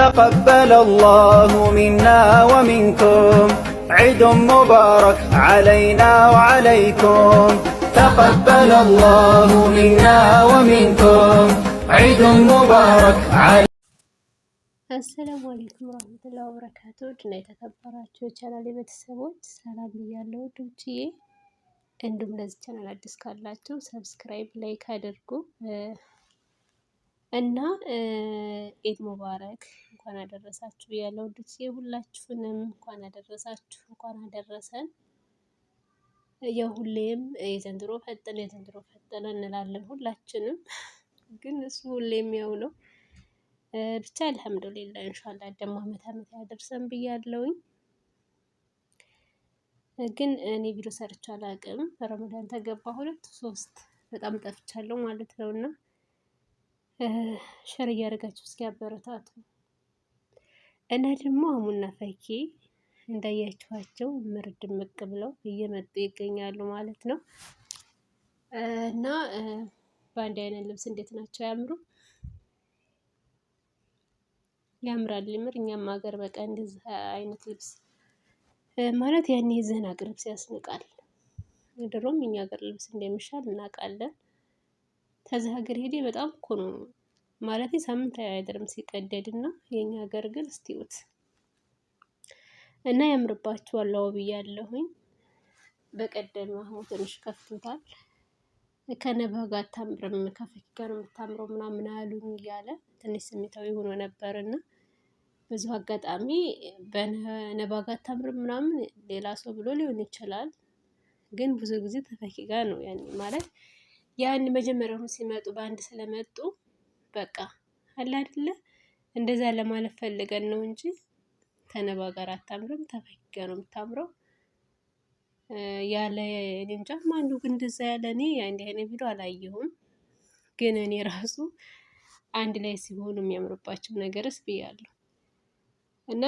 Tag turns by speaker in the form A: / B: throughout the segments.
A: تقبل الله منا ومنكم عيد مبارك علينا وعليكم تقبل الله منا ومنكم عيد مبارك علينا
B: አሰላሙ አሌይኩም ረህመቱላ ወበረካቱ ድና የተከበራችሁ የቻናል የቤተሰቦች ሰላም እያለው ድምጭዬ እንዲሁም ለዚህ ቻናል አዲስ ካላችሁ ሰብስክራይብ ላይክ አድርጉ እና ኢድ ሙባረክ እንኳን አደረሳችሁ ብያለሁ። ውዶቼ የሁላችሁንም እንኳን አደረሳችሁ፣ እንኳን አደረሰን። የሁሌም የዘንድሮ ፈጠነ የዘንድሮ ፈጠነ እንላለን ሁላችንም፣ ግን እሱ ሁሌም ያው ነው። ብቻ አልሐምዱሊላ እንሻላ ደግሞ አመት አመት ያደርሰን ብያለውኝ። ግን እኔ ቪዲዮ ሰርቻ አላቅም። ረመዳን ተገባ ሁለት ሶስት በጣም ጠፍቻለሁ ማለት ነው እና ሸር እያደረጋችሁ እስኪ አበረታቱ እና ደግሞ አሙና ፈኪ እንዳያችኋቸው ምር ድምቅ ብለው እየመጡ ይገኛሉ ማለት ነው። እና በአንድ አይነት ልብስ እንዴት ናቸው? ያምሩ ያምራል። ምር እኛም ሀገር በቃ እንደዚህ አይነት ልብስ ማለት ያኔ የዚህን አገር ልብስ ያስንቃል። ድሮም እኛ ሀገር ልብስ እንደሚሻል እናውቃለን። ከዚህ ሀገር ሄዴ በጣም እኮ ነው ማለት ሳምንት አይደለም ሲቀደድ እና የኛ ሀገር ግን እስቲዩት እና ያምርባችኋል። አዎ ብያለሁኝ። በቀደም አሁን ትንሽ ከፍቶታል። ከነባ ጋር አታምርም ከፈኪ ጋር የምታምረው ምናምን አሉኝ እያለ ትንሽ ስሜታዊ ሆኖ ነበር እና ብዙ አጋጣሚ በነባ ጋር አታምርም ምናምን ሌላ ሰው ብሎ ሊሆን ይችላል። ግን ብዙ ጊዜ ተፈኪ ጋር ነው ያኔ ማለት ያን መጀመሪያውን ሲመጡ በአንድ ስለመጡ በቃ አለ አይደለ እንደዛ ለማለት ፈልገን ነው እንጂ ከነባ ጋር አታምርም። ተፈጋ ነው የምታምረው። ያለ እኔ እንጃ ማኑ ግን እንደዛ ያለ እኔ እንዲህ አይነት ቪዲዮ አላየሁም። ግን እኔ ራሱ አንድ ላይ ሲሆኑ የሚያምርባቸው ነገርስ ብያለሁ እና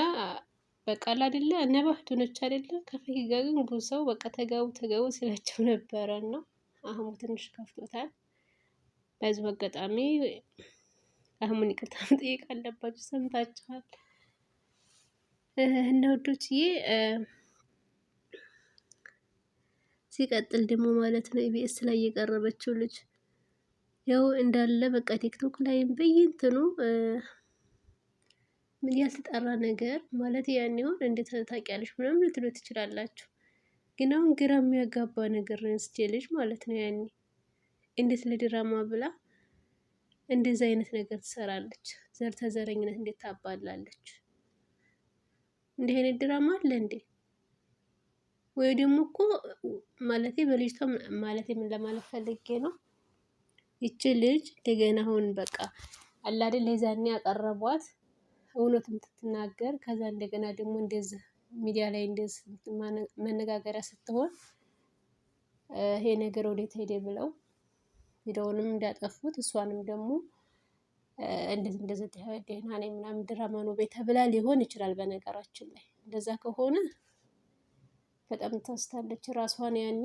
B: በቃ አይደለ እነ ባህዱኖች አይደለ ከፈኪ ግን ብዙ ሰው በቃ ተጋቡ ተጋቡ ሲላቸው ነበረ ነው አህሙ ትንሽ ከፍቶታል። በዚሁ አጋጣሚ አህሙን ይቅርታ መጠየቅ አለባችሁ። ሰምታችኋል እና ውዶችዬ ሲቀጥል ደግሞ ማለት ነው ኢቢኤስ ላይ የቀረበችው ልጅ ያው እንዳለ በቃ ቲክቶክ ላይም በየእንትኑ ያልተጣራ ነገር ማለት ያን ይሆን እንዴት ታውቂያለሽ ምናምን ልትሉ ትችላላችሁ። ግን አሁን ግራ የሚያጋባ ነገር ነው ማለት ነው። ያኔ እንዴት ለድራማ ብላ እንደዚህ አይነት ነገር ትሰራለች? ዘር ተዘረኝነት እንዴት ታባላለች? እንዲህ አይነት ድራማ አለ እንዴ? ወይ ደግሞ እኮ ማለት በልጅቷ ማለት ምን ለማለት ፈልጌ ነው ይቺ ልጅ እንደገና አሁን በቃ አላደ ለዛኔ ያቀረቧት እውነቱን ትትናገር ከዛ እንደገና ደግሞ እንደዚህ ሚዲያ ላይ እንደዚህ መነጋገሪያ ስትሆን ይሄ ነገር ወዴት ሄደ ብለው ቪዲዮውንም እንዳጠፉት እሷንም ደግሞ እንደዚህ እንደዚህ ደህና ነኝ ምናምን ድራማ ነው ቤተ ሊሆን ይችላል። በነገራችን ላይ እንደዛ ከሆነ በጣም ታስታለች ራሷን። ያኔ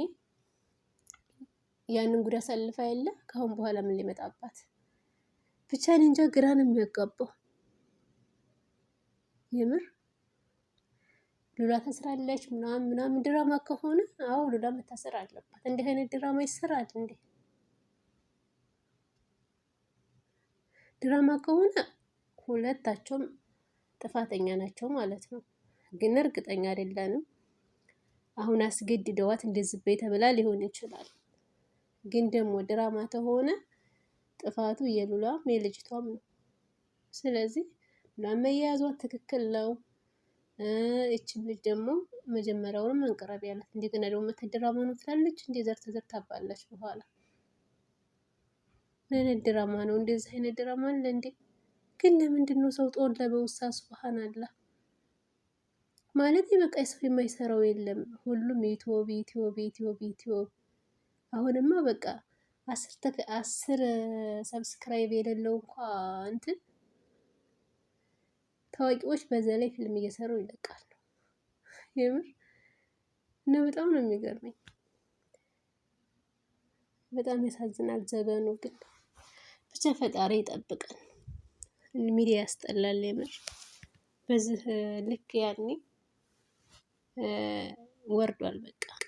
B: ያንን ጉዳ አሳልፋ የለ ከአሁን በኋላ ምን ሊመጣባት ብቻ እንጃ፣ ግራ ነው የሚያጋባው የምር ሉላ ታስራለች ምናምን ምናምን ድራማ ከሆነ አዎ ሉላ መታሰር አለባት። እንዲህ አይነት ድራማ ይሰራል እንዴ? ድራማ ከሆነ ሁለታቸውም ጥፋተኛ ናቸው ማለት ነው። ግን እርግጠኛ አይደለንም። አሁን አስገድደዋት እንደዚህ ቤት ብላ ሊሆን ይችላል። ግን ደግሞ ድራማ ተሆነ ጥፋቱ የሉላም የልጅቷም ነው። ስለዚህ ሉላም መያያዟ ትክክል ነው። ይችም ልጅ ደግሞ መጀመሪያውንም መንቀረቢያ ናት። እንደገና ደግሞ መተደራማ ነው ትላለች። እንደ ዘር ተዘር በኋላ ምን ድራማ ነው? እንደዚህ አይነት ድራማ አለ እንዴ? ግን ለምንድን ነው ሰው ጦር ለበውሳ ስብሃን አላ ማለት በቃ ሰው የማይሰራው የለም። ሁሉም ኢትዮብ ኢትዮብ ኢትዮብ ኢትዮብ። አሁንማ በቃ አስር ሰብስክራይብ የሌለው እንኳ እንትን ታዋቂዎች በዛ ላይ ፊልም እየሰሩ ይለቃሉ። የምር እና በጣም ነው የሚገርመኝ። በጣም ያሳዝናል ዘበኑ ግን ብቻ ፈጣሪ ይጠብቀን። ሚዲያ ያስጠላል የምር በዚህ ልክ ያኔ ወርዷል በቃ።